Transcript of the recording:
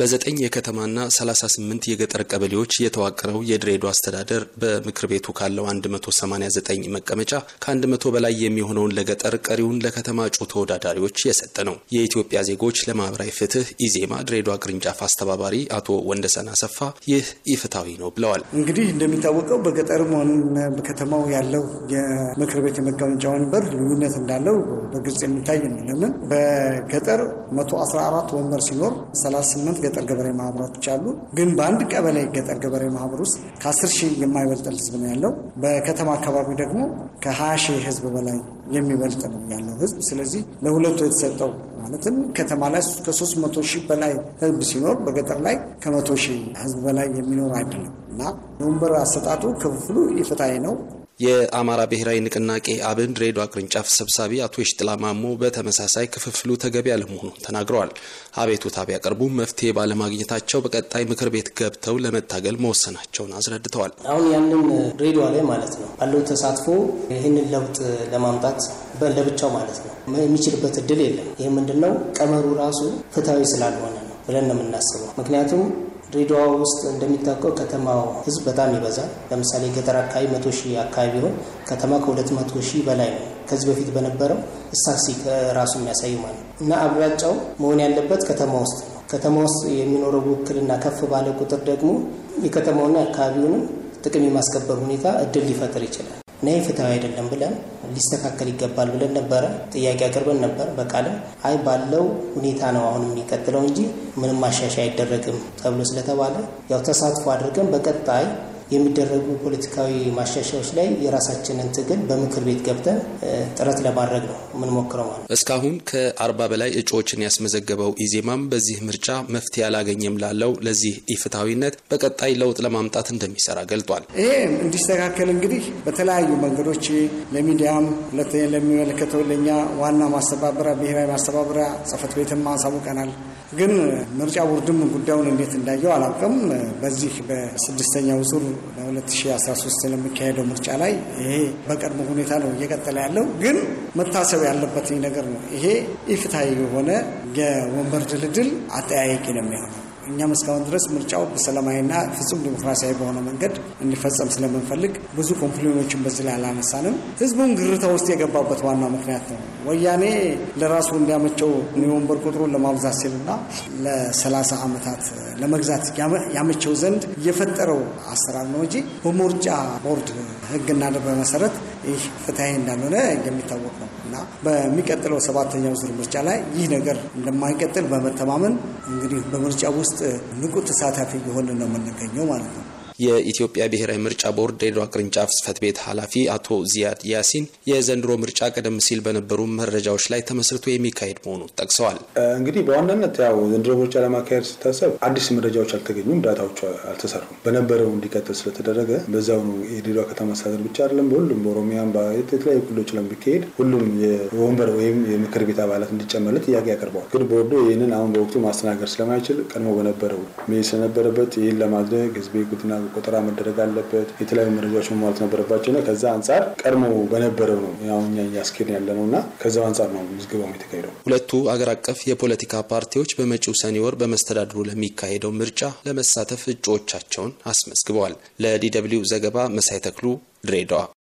በዘጠኝ የከተማና 38 የገጠር ቀበሌዎች የተዋቀረው የድሬዳዋ አስተዳደር በምክር ቤቱ ካለው 189 መቀመጫ ከ100 በላይ የሚሆነውን ለገጠር ቀሪውን ለከተማ እጩ ተወዳዳሪዎች የሰጠ ነው። የኢትዮጵያ ዜጎች ለማህበራዊ ፍትህ ኢዜማ ድሬዳዋ ቅርንጫፍ አስተባባሪ አቶ ወንደሰን አሰፋ ይህ ኢፍትሐዊ ነው ብለዋል። እንግዲህ እንደሚታወቀው በገጠርም ሆነ በከተማው ያለው የምክር ቤት የመቀመጫ ወንበር ልዩነት እንዳለው በግልጽ የሚታይ ነው። ለምን በገጠር 114 ወንበር ሲኖር 38 የገጠር ገበሬ ማህበሮች አሉ። ግን በአንድ ቀበሌ ገጠር ገበሬ ማህበር ውስጥ ከአስር ሺህ የማይበልጠል ህዝብ ነው ያለው። በከተማ አካባቢ ደግሞ ከሀያ ሺህ ህዝብ በላይ የሚበልጥ ነው ያለው ህዝብ። ስለዚህ ለሁለቱ የተሰጠው ማለትም ከተማ ላይ ከሶስት መቶ ሺህ በላይ ህዝብ ሲኖር በገጠር ላይ ከመቶ ሺህ ህዝብ በላይ የሚኖር አይደለም እና የወንበር አሰጣጡ ክፍሉ ኢፍትሐዊ ነው። የአማራ ብሔራዊ ንቅናቄ አብን ድሬዳዋ ቅርንጫፍ ሰብሳቢ አቶ ሽጥላ ማሞ በተመሳሳይ ክፍፍሉ ተገቢ አለመሆኑን ተናግረዋል። አቤቱታ ቢያቀርቡ መፍትሄ ባለማግኘታቸው በቀጣይ ምክር ቤት ገብተው ለመታገል መወሰናቸውን አስረድተዋል። አሁን ያንን ድሬዳዋ ላይ ማለት ነው ባለው ተሳትፎ ይህንን ለውጥ ለማምጣት ለብቻው ማለት ነው የሚችልበት እድል የለም። ይህ ምንድነው ቀመሩ ራሱ ፍትሐዊ ስላልሆነ ነው ብለን ነው የምናስበው። ምክንያቱም ድሬዳዋ ውስጥ እንደሚታወቀው ከተማው ህዝብ በጣም ይበዛል። ለምሳሌ ገጠር አካባቢ መቶ ሺህ አካባቢ ቢሆን ከተማ ከሁለት መቶ ሺህ በላይ ነው። ከዚህ በፊት በነበረው እሳሲ ራሱ የሚያሳይ ማለት ነው እና አብላጫው መሆን ያለበት ከተማ ውስጥ ነው። ከተማ ውስጥ የሚኖረው ውክልና ከፍ ባለ ቁጥር ደግሞ የከተማውና አካባቢውንም ጥቅም የማስከበር ሁኔታ እድል ሊፈጥር ይችላል። እኔ ፍትሃዊ አይደለም ብለን ሊስተካከል ይገባል ብለን ነበረ ጥያቄ አቅርበን ነበር። በቃልም አይ ባለው ሁኔታ ነው አሁን የሚቀጥለው እንጂ ምንም ማሻሻያ አይደረግም ተብሎ ስለተባለ ያው ተሳትፎ አድርገን በቀጣይ የሚደረጉ ፖለቲካዊ ማሻሻዎች ላይ የራሳችንን ትግል በምክር ቤት ገብተን ጥረት ለማድረግ ነው የምንሞክረው ማለት ነው። እስካሁን ከአርባ በላይ እጩዎችን ያስመዘገበው ኢዜማም በዚህ ምርጫ መፍትሄ አላገኘም ላለው ለዚህ ኢፍትሐዊነት በቀጣይ ለውጥ ለማምጣት እንደሚሰራ ገልጧል። ይሄ እንዲስተካከል እንግዲህ በተለያዩ መንገዶች ለሚዲያም፣ ሁለተኛ ለሚመለከተው ለእኛ ዋና ማስተባበሪያ ብሔራዊ ማስተባበሪያ ጽፈት ቤትም አሳውቀናል። ግን ምርጫ ቦርድም ጉዳዩን እንዴት እንዳየው አላውቅም። በዚህ በስድስተኛው ዙር ለ2013 ለሚካሄደው ምርጫ ላይ ይሄ በቀድሞ ሁኔታ ነው እየቀጠለ ያለው። ግን መታሰብ ያለበት ነገር ነው። ይሄ ኢፍትሐዊ የሆነ የወንበር ድልድል አጠያያቂ ነው የሚሆነው። እኛም እስካሁን ድረስ ምርጫው በሰላማዊና ፍጹም ዲሞክራሲያዊ በሆነ መንገድ እንዲፈጸም ስለምንፈልግ ብዙ ኮምፕሌኖችን በዚህ ላይ አላነሳንም። ህዝቡን ግርታ ውስጥ የገባበት ዋና ምክንያት ነው። ወያኔ ለራሱ እንዲያመቸው የወንበር ቁጥሩን ለማብዛት ሲልና ለሰላሳ ዓመታት ለመግዛት ያመቸው ዘንድ የፈጠረው አሰራር ነው እንጂ በምርጫ ቦርድ ሕግና ደንብ መሰረት ይህ ፍትሐዊ እንዳልሆነ የሚታወቅ ነው እና በሚቀጥለው ሰባተኛው ዙር ምርጫ ላይ ይህ ነገር እንደማይቀጥል በመተማመን እንግዲህ በምርጫ ውስጥ ንቁ ተሳታፊ የሆነ ነው የምንገኘው ማለት ነው። የኢትዮጵያ ብሔራዊ ምርጫ ቦርድ ድሬዳዋ ቅርንጫፍ ጽህፈት ቤት ኃላፊ አቶ ዚያድ ያሲን የዘንድሮ ምርጫ ቀደም ሲል በነበሩ መረጃዎች ላይ ተመስርቶ የሚካሄድ መሆኑን ጠቅሰዋል። እንግዲህ በዋናነት ያው ዘንድሮ ምርጫ ለማካሄድ ሲታሰብ አዲስ መረጃዎች አልተገኙም፣ ዳታዎቹ አልተሰሩም። በነበረው እንዲቀጥል ስለተደረገ በዛው ነው የድሬዳዋ ከተማ አስተዳደር ብቻ አይደለም፣ በሁሉም በኦሮሚያም የተለያዩ ክልሎች ለሚካሄድ ሁሉም የወንበር ወይም የምክር ቤት አባላት እንዲጨመርለት ጥያቄ ያቀርበዋል። ግን ቦርዱ ይህንን አሁን በወቅቱ ማስተናገድ ስለማይችል ቀድሞ በነበረው መሄድ ስለነበረበት ይህን ለማድረግ ህዝቤ ጉድና ቆጠራ መደረግ አለበት። የተለያዩ መረጃዎች መሟላት ነበረባቸው እና ከዛ አንጻር ቀድሞ በነበረው ነው ያው እኛ እያስኬድን ያለ ነው እና ከዛው አንጻር ነው ምዝገባው የተካሄደው። ሁለቱ አገር አቀፍ የፖለቲካ ፓርቲዎች በመጪው ሰኔ ወር በመስተዳድሩ ለሚካሄደው ምርጫ ለመሳተፍ እጩዎቻቸውን አስመዝግበዋል። ለዲ ደብልዩ ዘገባ መሳይ ተክሉ ድሬዳዋ